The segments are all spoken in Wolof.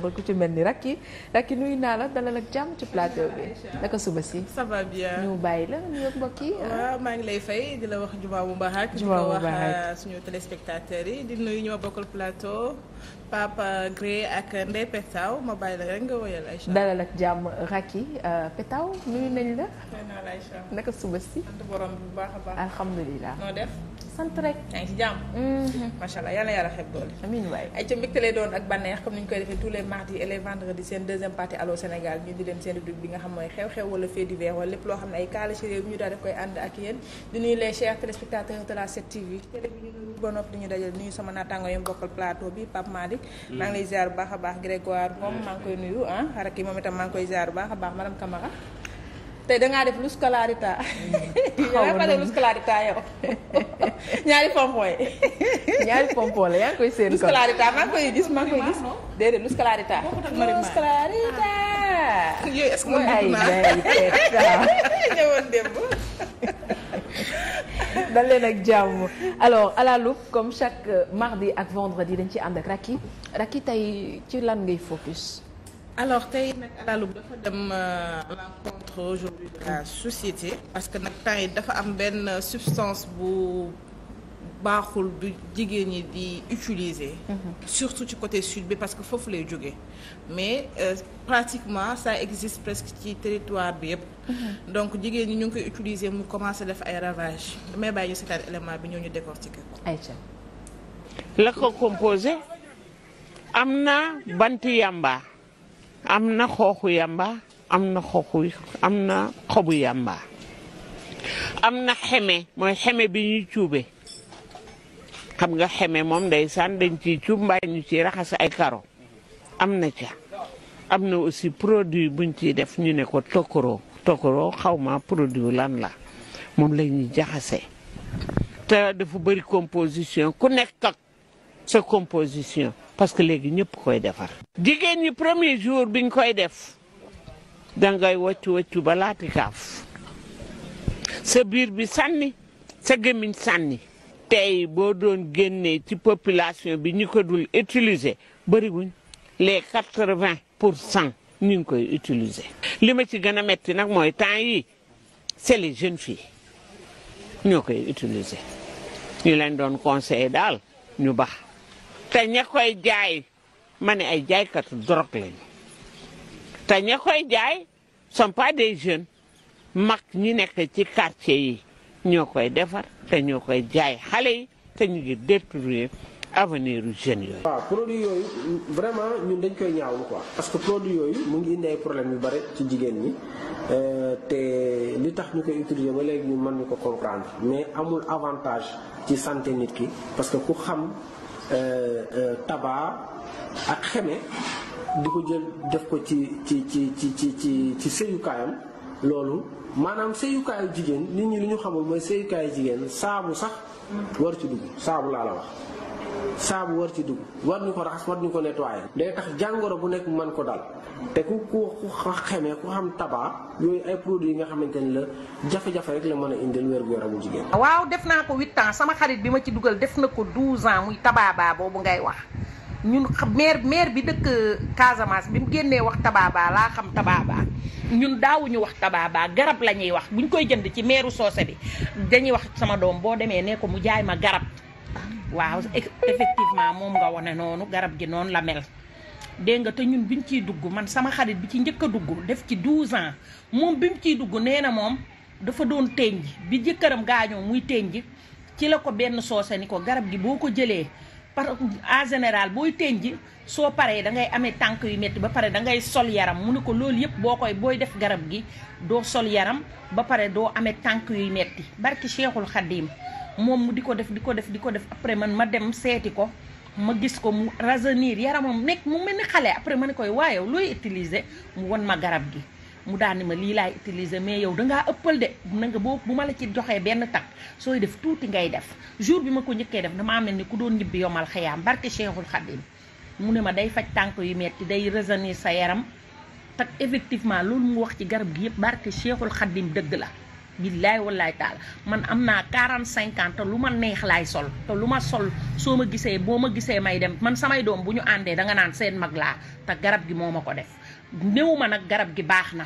nga ku ci mel ni Racky Racky nuyu naa la dalal ak jàmm ci plateau bi naka suba si. ñu bàyyi la nuyu ak mbokk yi. waaw maa ngi lay fay di la wax jumaa bu baax ak. jumaa bu baax di ko wax ah, suñu téléspectateurs yi di nuyu ñoo bokkal plateau. Papa Gré ak Ndeye Petaw ma bàyyi la rek nga woyal dalal ak jàmm Racky euh, Petaw nuyu nañ la. nuyu naa la Aïcha. naka suba si. sant a baax. alhamdulilah noo def. sant rek. yaa ngi ci jàmm. Mhm. macha allah yal yàlla xeeb doole. amiin waay ay ca mbégte lay doon ak bànneex comme ni ñu koy defee tous les mardis et seen deuxième partie Allô Sénégal ñu di leen seen rubrique bi nga xam mooy xew-xew wala fait divers wala lépp loo xam ne ay kaala réew ñu daal daf koy ànd ak yéen di nuyu les chers téléspectateurs ba noppi di ñu dajal nuyu sama naataango yu bokkal plateau bi Pape Malick. Mm. maa ngi lay ziar baax a baax Grégoire moom maa ngi koy nuyu ah xarak yi moom itam maa ngi koy ziar a baax madame Camara tey dangaa def lu scolarita. xaw mm. ma def lu scolarita yow ñaari pompon yi. ñaari la yaa ngi koy seen. lu scolarita maa koy gis maa ngi koy gis déedéet lu scolarita. lu scolarita. yooyu est-ce que mën ah. démb. dal leen ak jàmm alors à comme chaque euh, mardi ak vendredi dañ ci ànd ak Racky Racky tey ci lan ngay focus. alors tey nag à la dafa dem rencontre euh, aujourd'hui de la société. parce que nag temps yi dafa am benn euh, substance bu. baaxul bu jigéen ñi di utiliser. Mhm. surtout ci côté sud bi parce que foofu lay jógee mais euh, pratiquement ça existe presque ci territoire bi yëpp. Mhm. donc jigéen ñi ñu ngi koy utiliser mu commencé def ay ravages damay bàyyi ñu seetaan élément bi ñoo ñu décortiquer ko. ayca la am na bant yamba am na xooxu yamba am na xooxu am na xobu yamba am na xeme mooy xeme bi ñuy cuube xam nga xeme moom ndeysaan dañ ci cumbaay ñu ciy raxas ay karo am na ca am na aussi produit buñ ci def ñu ne ko tokkoroo tokkoroo xaw produit lan la moom la ñuy jaxase te dafa bëri composition ku nekk sa composition parce que léegi ñëpp koy defar jigéen ñi premier jour biñ koy def dangay waccu waccu ba kaaf sa biir bi sànni sa gémmiñ sànni tey boo doon génnee ci population bi ñu ko dul utilise bëriwuñ les quatre-vingt pour cent ñu ngi koy utiliser. li ma ci gën a metti nag mooy temps yi c'est les jeunes filles ñoo koy utiliser ñu leen doon conseiller daal ñu baax te ña koy jaay ma ne ay jaaykatu drogue lañu te ña koy jaay sont pas des jeunes mag ñi nekk ci quartier yi. ñoo koy defar te ñoo koy jaay xale yi te ñu ngi avenir u jeunes yooyu. waaw produit yooyu vraiment ñun dañ koy ñaawlu ko parce que produit yooyu mu ngi indi ay problème yu bare ci jigéen ñi euh, te li tax ñu koy utiliser ba léegi ñu mën ñu ko comprendre mais amul avantage ci santé nit ki parce que ku xam euh, euh, tabac ak xeme di ko jël def ko ci ci ci ci ci ci sëyukaayam. loolu maanaam sëyukaayu jigéen nit ñi li ñu xamul mooy sëyukaayu jigéen saabu sax war ci dugg saabu laa la wax saabu war ci dugg war ñu ko raxas war ñu ko nettoyer day tax jàngoro bu nekk mën ko dal te ku ku xamee ku xam tabac yooyu ay produits yi nga xamante ni la jafe-jafe rek la mën a indil wér-gu-yaramu jigéen waaw def naa ko huit ans sama xarit bi ma ci dugal def na ko douze ans muy tabac boobu ngay wax ñun maire maire bi dëkk Casamance bi mu génnee wax tabaabaa laa xam tabaaba ñun daawuñu wax tabaabaa garab la ñuy wax buñ koy jënd ci meeru soose bi dañuy wax sama doom boo demee ne ko mu jaay ma garab waaw effectivement moom nga wone noonu garab gi noonu la mel dégg nga te ñun biñ ciy dugg man sama xarit bi ci njëkk a dugg def ci 12 ans moom bi mu ciy dugg nee na moom dafa doon teñ ji bi jëkkëram gaañoo muy teñ ji ci la ko benn soose ni ko garab gi boo ko jëlee par en général booy teeñ ji soo paree da ngay amee tànk yu métti ba pare da ngay sol yaram mu ne ko loolu yëpp boo koy booy def garab gi doo sol yaram ba pare doo amee tànk yuy metti barki Cheikhul Khadim moom mu di ko def di ko def di ko def après man ma dem seeti ko ma gis ko mu rajeunir yaramam nekk mu mel ni xale après ma ne koy waaye looy utiliser mu won ma garab gi mu daan ni ma lii laay utiliser mais yow dangaa ëppal de na nga boo bu ma la ci joxee benn takk sooy def tuuti ngay def jour bi ma ko njëkkee def damaa mel ni ku doon ñibbi yomal xëyaam barke Cheikhul Khadim mu ne ma day faj tànk yu metti day raisonner sa yaram tak effectivement loolu mu wax ci garab gi yëpp barke Cheikhul Khadim dëgg la billaay wallaay taala man am naa 45 cinquante lu ma neex laay sol te lu ma sol soo ma gisee boo ma gisee may dem man samay doom bu ñu àndee danga naan seen mag laa te garab gi moo ma ko def néew ma nag garab gi baax na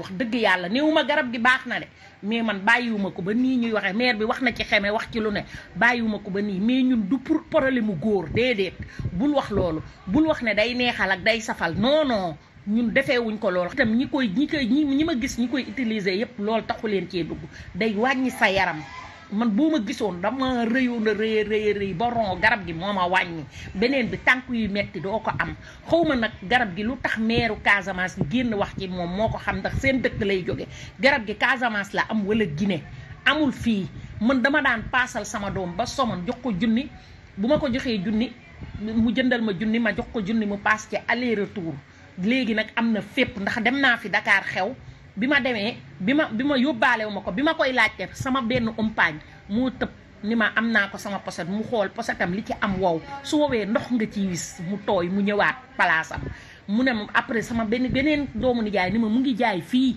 wax dëgg yàlla néew ma garab gi baax na de mais man bàyyiwuma ko ba nii ñuy waxee maire bi wax na ci xeme wax ci lu ne bàyyiwuma ko ba nii mais ñun du pour problème mu góor déedéet bul wax loolu bul wax ne day neexal ak day safal non ñun defee ko loolu itam ñi koy ñi koy ñi ma gis ñi koy utiliser yépp loolu taxu leen cee dugg day wàññi sa yaram man boo ma gisoon dama rëyoon a rëy rëy rëy ba ron garab gi moo ma wàññi beneen bi tànk yu metti doo ko am xaw ma nag garab gi lu tax meeru Casamance génn wax ci moom moo ko xam ndax seen dëkk lay jóge garab gi Casamance la am wala gine amul fii man dama daan paasal sama doom ba somon jox ko junni bu ma ko joxee junni mu jëndal ma junni ma jox ko junni mu paas ci aller retour léegi nag am na fépp ndax dem naa fi Dakar xew bi ma demee bi ma bi ma yóbbaalewu ma ko bi ma koy laajte sama benn umpaañ moo tëb ni ma am naa ko sama poset mu xool posetam li ci am wow su wowee ndox nga ci wis mu tooy mu ñëwaat palaasam mu ne ma après sama benn beneen doomu nijaay ni ma mu ngi jaay fii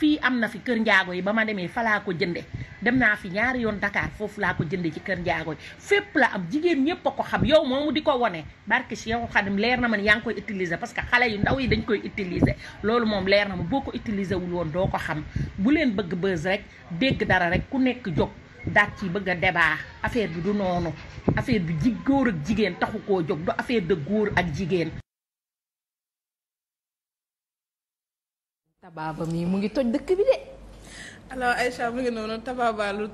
fii am na fi kër njaago yi ba ma demee fa laa ko jënde dem naa fi ñaari yoon dakaar foofu laa ko jënde ci kër njaago yi fépp la am jigéen ñëpp a ko xam yow moomu di ko wone barke yow Khadim leer na man yaa ngi koy utiliser parce que xale yu ndaw yi dañ koy utiliser loolu moom leer na ma boo ko utiliser wul woon doo ko xam bu leen bëgg bës rek dégg dara rek ku nekk jóg daat ci bëgg a débat affaire bi du noonu affaire bi ji góor ak jigéen taxu koo jóg du affaire de góor ak jigéen tabaaba mi mu ngi toj dëkk bi de. ay Aïcha mu ngi noonu tabaaba lu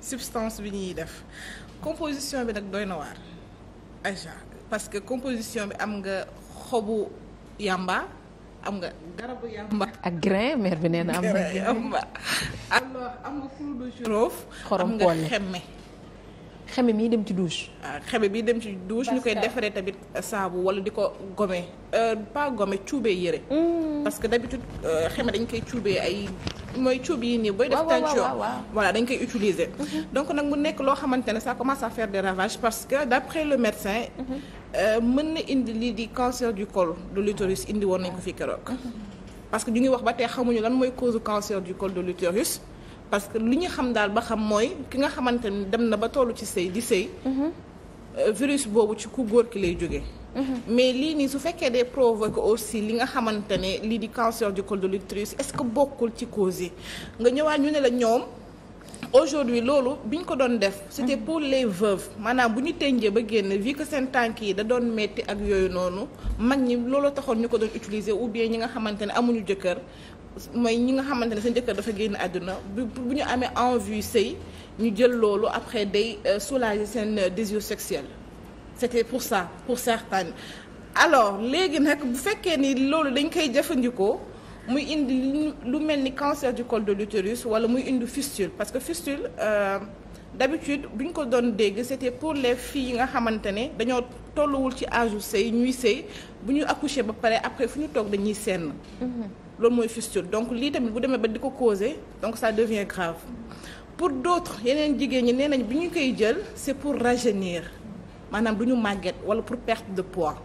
substance bi ñuy def composition bi nag doy na waar Aïcha parce que composition bi am nga xobu yàmba am nga garabu yàmba. ak grain mère bi nee na am nga. am nga am nga fruit de girofle. am nga xemme. xeme mi dem ci douche. Ah, xeme bi dem ci douche ñu koy defaree tamit saabu wala di ko gome euh, pas gome cuubee yëre. Mm. parce que d'habitude euh, xeme dañ koy cuubee ay mooy cuub yi nii booy def tension voilà dañ koy utiliser. Mm-hmm. donc nag mu nekk loo xamante ne sa commence à faire des ravages parce que d'après le médecin. Mm-hmm. Euh, mën na indi lii di cancer du col de l'utérus indi woon nañ ko fi keroog. Mm-hmm. parce que ñu ngi wax ba tey xamuñu lan mooy cause cancer du col de l'utérus parce que li ñu xam daal ba xam mooy ki nga xamante ni dem na ba tollu ci sëy di sëy mhm. euh, virus boobu ci ku góor ki lay jóge mhm. mais lii nii su fekkee day provoqué aussi li nga xamante ne lii di cancer du col de l'utérus est-ce que bokkul ci cause yi nga ñëwaat ñu ne la ñoom aujourd'hui loolu bi ñu ko doon def c'était mhm. pour les veuves maanaam bu ñu tënjee ba génn vu ko seen tànk yi da doon metti ak yooyu noonu mag ñi looloo taxoon ñu ko doon utiliser ou bien ñi nga xamante ne amuñu jëkkër mooy ñi nga xamante ne seen jëkkër dafa génn àdduna bu bu ñu amee envie sëy ñu jël loolu après day euh, soulage seen euh, désir sexuel c'était pour ça pour certaines alors léegi nag bu fekkee ni loolu dañ koy jëfandikoo muy indi lu mel ni cancer du col de l'utérus wala muy indi fistule parce que fistule euh, d'habitude bu ñu ko doon dégg c'était pour les fii yi nga xamante ne dañoo tolluwul ci âge u sëy ñuy sëy bu ñu accoucher ba pare après fu ñu toog dañuy senn mm-hmm. loolu mooy fistule donc lii tamit bu demee ba di ko causer donc ça devient grave pour d'autres yeneen jigéen ñi nee nañ bi ñu koy jël c'est pour rajeunir maanaam du ñu màgget wala pour perte de poids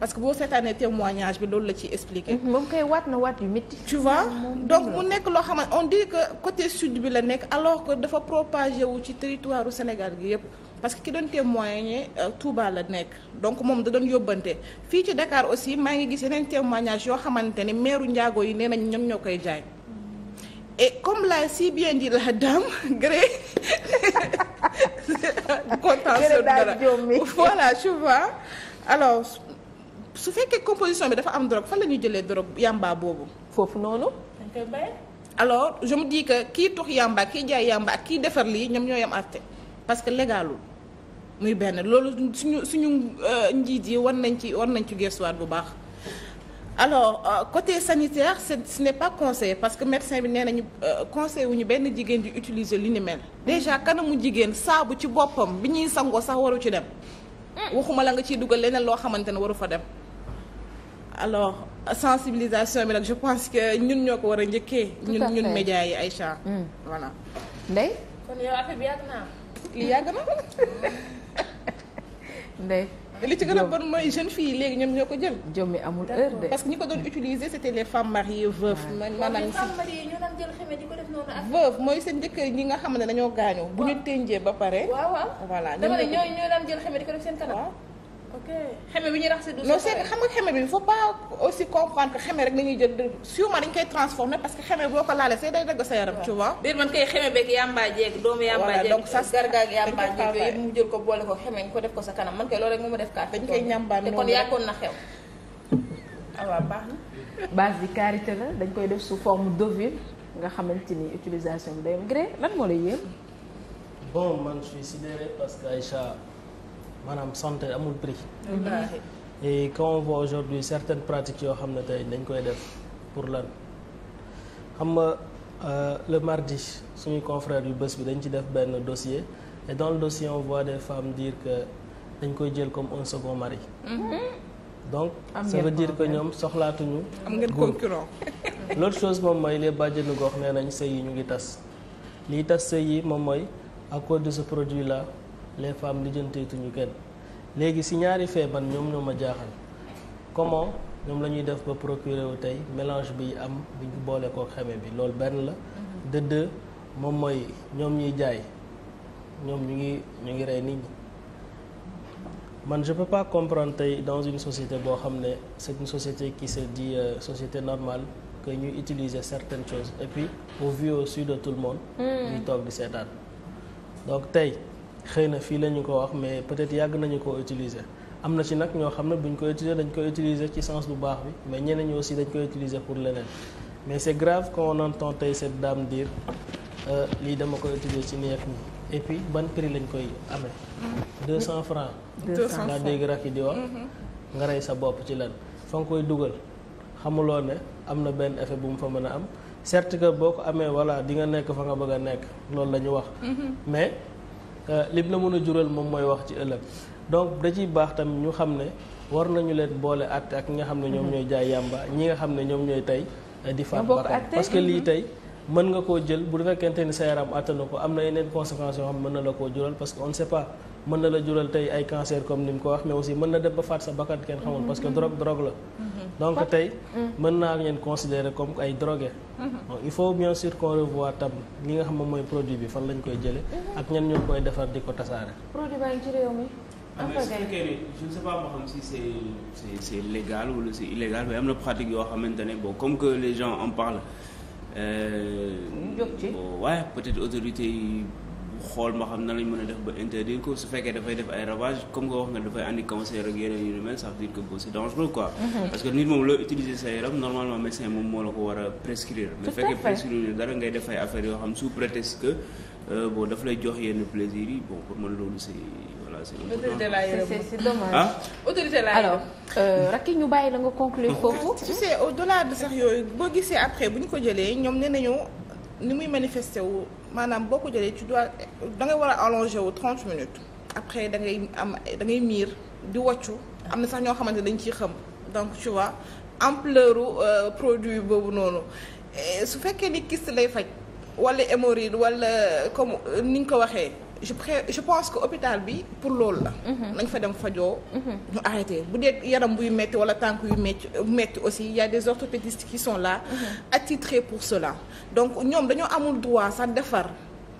parce que boo seetaanee témoignage bi loolu la ciy expliquer. Mhm. moom koy waat na waat yu métti. tu vois donc mu nekk loo xamante on dit que côté sud bi la nekk alors que dafa propagé wu ci territoire Sénégal gi yëpp. parce que ki doon témoigner euh, Touba la nekk donc moom da doon yóbbante fii ci Dakar aussi maa ngi gis yeneen témoignage yoo xamante ne meeru njaago yi nee nañ ñoom ñoo koy jaay comme l'a si bien dit la dame Gré content voilà tu vois alors su fekkee composition bi dafa am drogue fan la ñuy jëlee drogue yamba boobu foofu noonu alors je me dis que kii tux yamba kii jaay yamba ak kii defar lii ñoom ñoo yam àtte parce que légalul muy benn loolu suñu suñu euh, njiit yi war nañ ci war nañ ci gëstuwaat bu baax alors euh, côté sanitaire ce ne pas conseillé parce que médecin bi nee nañu euh, conseil wu ñu benn jigéen di utiliser li ni mel déjà kanamu jigéen saabu ci boppam bi ñuy sangoo sax waru ci dem waxuma la nga ciy dugal leneen loo xamante ne waru fa dem alors sensibilisation bi nag je pense que ñun ñoo ko war a njëkkee ñun ñun médias yi ay mm. voilà Ndeye kon li yàgg na. ndey. li ci gën a bon mooy jeune fille yi léegi ñoom ñoo ko jël. jommi amul heure de. parce que ñi ko doon utiliser c'était les femmes mariées veuves. maanaam si femmes mariées ñoo veuve mooy seen jëkkër ñi nga xam ne dañoo gaañoo. bu ñu tënjee ba pare. waaw waaw voilà ñoo daan jël xeme di ko def seen kanam. ok xeme bi ñu raxas du. non c'est xam nga xeme bi il faut ñuy jël sûrement dañ koy parce que xeme boo ko laalee say day ko boole ko xeme ñu ko def ko sa kanam man kay loolu rek mu ma def kaat. Ah, baax na. base bi karité la dañ koy def sous forme d'ovule nga xamante ni utilisation bi day am gré lan moo lay yéem. bon man je suis sidéré parce que Aïcha maanaam santé amul prix et quand on voit aujourd'hui certaines pratiques yoo xam ne tey dañ koy def pour lan xam nga euh, le mardi suñu confrère yu bés bi dañ ci def benn dossier et dans le dossier on voit des femmes dire que dañ koy jël comme un second mari mm-hmm. donc ça veut dire que ñoom soxlaatuñu am ngeen concurrent l'autre chose moom mooy les bàjjenu gox nee nañ sëy yi ñu ngi tas lii tas sëy yi moom mooy à cause de ce produit là les femmes ñu kenn léegi si ñaari feebar ñoom ñoo a jaaxal comment ñoom la ñuy def ba procurer wu tey mélange bi am bi ñu boole koo xeme bi lool benn la. Mhm. de deux moom mooy ñoom ñuy jaay ñoom ñu ngi ñu ngi rey nit ñi man je peux pas comprendre tey dans une société boo xam ne c'est société qui se dit euh, société normale que ñuy utiliser certaines choses et puis au vu au su de tout le monde. Hmm. ñuy toog di seetaan donc tey. xëy na fii la ñu ko wax mais peut-être yàgg nañu ko utiliser am na ci nag ñoo xam ne bu ñu ko utiliser dañ koy utiliser ci sens bu baax bi mais ñeneen ñi aussi dañ ko utiliser pour leneen mais c'est grave quand on entend tey cette dame dire euh, lii dama koy utiliser ci nii ak nii et puis ban prix lañ koy amee. Mm-hmm. deux francs. 200 francs nga dégg rakk yi di wax. Mm-hmm. nga rey sa bopp ci lan fa nga koy dugal xamuloo ne am na benn effet bu mu fa mën a am certes que boo ko amee voilà di nga nekk fa bëgg a nekk loolu la ñu Euh, lim la mën a jural moom mooy wax ci ëllëg donc da ciy baax tam ñu xam ne war nañu leen boole àtte ak ñi nga xam ne ñoom ñooy jaay yàmba ñi nga xam ne ñoom ñooy tey euh, di faat bakkan parce que lii tey mën nga koo jël bu fekkente ni sa yaram àttana ko am na yeneen conséquences yoo xam ne mën na la koo jural parce que on ne sait pas mën na la jural tey ay cancer comme ni mu ko wax mais aussi mën na dem ba faat sa bakkan kenn xamul parce que mhm. drogue drogue la. Mhm. donc tey mhm. mën naa leen considérer comme ay drogué. donc il faut bien sûr qu'on revoie tam li nga xam moom mooy produit bi fan lañ koy jëlee. ak ñan ñoo koy defar di ko tasaare. produit baa ngi ci réew mi. Ah, am na si c' est c' na pratique yoo xamante ne boo comme que les gens en parlent. Euh, ñu jóg waaye peut autorité xool ma xam na lañ mën a def ba interdire ko su fekkee dafay def ay ravage comme nga wax nga dafay andi cancer ak yeneen yu ni mel ça dire que bon c'est dangereux mhm. parce que nit moom loo utiliser yaram normalement médecin moom moo la ko war a prescrire mais fekkee prescrire dara ngay def ay yoo xam sous prétexte que euh, bon daf lay jox yenn plaisir yi bon pour man loolu c'est voilà c'est c'est dommage ah euh, ñu bàyyi la nga conclure foofu tu sais au delà ni muy manifesté wu maanaam boo ko jëlee ci dois da ngay war a allongé wu 30 minutes après da ngay am da ngay miir di wàccu am na sax ñoo xamante dañ ciy xam donc tu vois ampleur euh, produits boobu noonu su fekkee ni kyste lay faj wala hémorroïde wala euh, comme euh, ni nga ko waxee. je pré je pense que hôpital bi pour loolu la. Mhm. nañ fa dem fajoo. Mhm. ñu arrêté bu dee yaram buy metti wala tànk yu metti metti aussi il des orthopédistes qui sont la mhm. attitrés pour cela donc ñoom dañoo amul droit sax defar.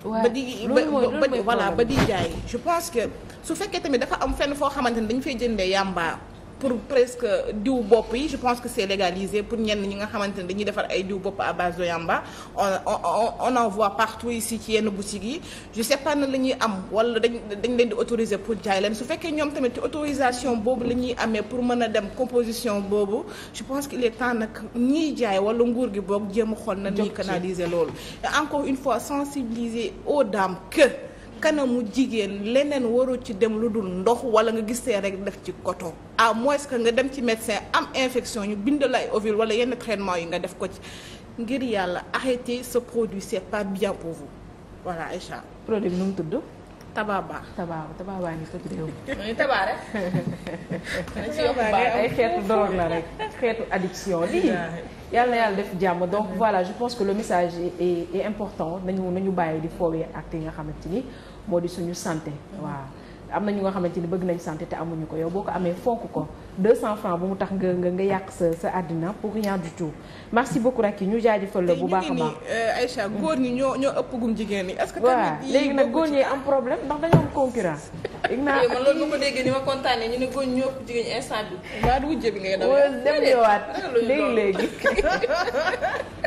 ba di ba voilà ba di jaay. je pense que su fekkee tamit dafa am fenn foo xamante ne dañu fay jëndee yàmbaa pour presque diw bopp yi je pense que c'est légalisé pour ñenn ñi nga xamante ne dañuy defar ay diw bopp à base de yamba on on on en voit partout ici ci yenn boutique yi je sais na la ñuy am wala dañ dañ leen di autoriser pour jaay leen su fekkee ñoom tamit ci autorisation boobu lañuy amee pour mën a dem composition boobu je pense qu'il est temps nag ñiy jaay wala nguur gi boog jéem a xool na ñuy canaliser loolu encore une fois sensibiliser aux dames que kanamu jigéen leneen waru ci dem lu dul ndox wala nga gisee rek def ci coton à mois que nga dem ci médecin am infection ñu bind la ay ovule wala yenn traitement yi nga def ko ci ngir yàlla arrêtez sa produit c'est pas bien pour vous voilà produit bi nu mu tudd tabaaba. tabaaba tabaaba ngi ko tuddee woon. tabaaba rek. xeetu drogue la rek xeetu addiction lii. yàlla e na yàlla def jàmm donc voilà je pense que le message est est important nañu nañu bàyyi di foowee ak li nga xamante ni moo di suñu sante waa am na ñu nga xamante ni bëgg nañ santé te amuñu ko yow boo ko amee fonk ko 200 francs bu mu tax nga nga nga yàq sa sa àddina pour rien du tout merci beaucoup Racky ñu jaajëfal la bu baax a baax euh, Aïcha góor ñi ñoo ñoo ëpp gum jigéen ñi est que tamit léegi nag góor ñi am problème ndax dañoo am concurrence man loolu ma ko déggee ni kontaanee ñu ne góor ñi ñoo ëpp jigéen ñi instant bi waa du wujje bi ngay daw léegi léegi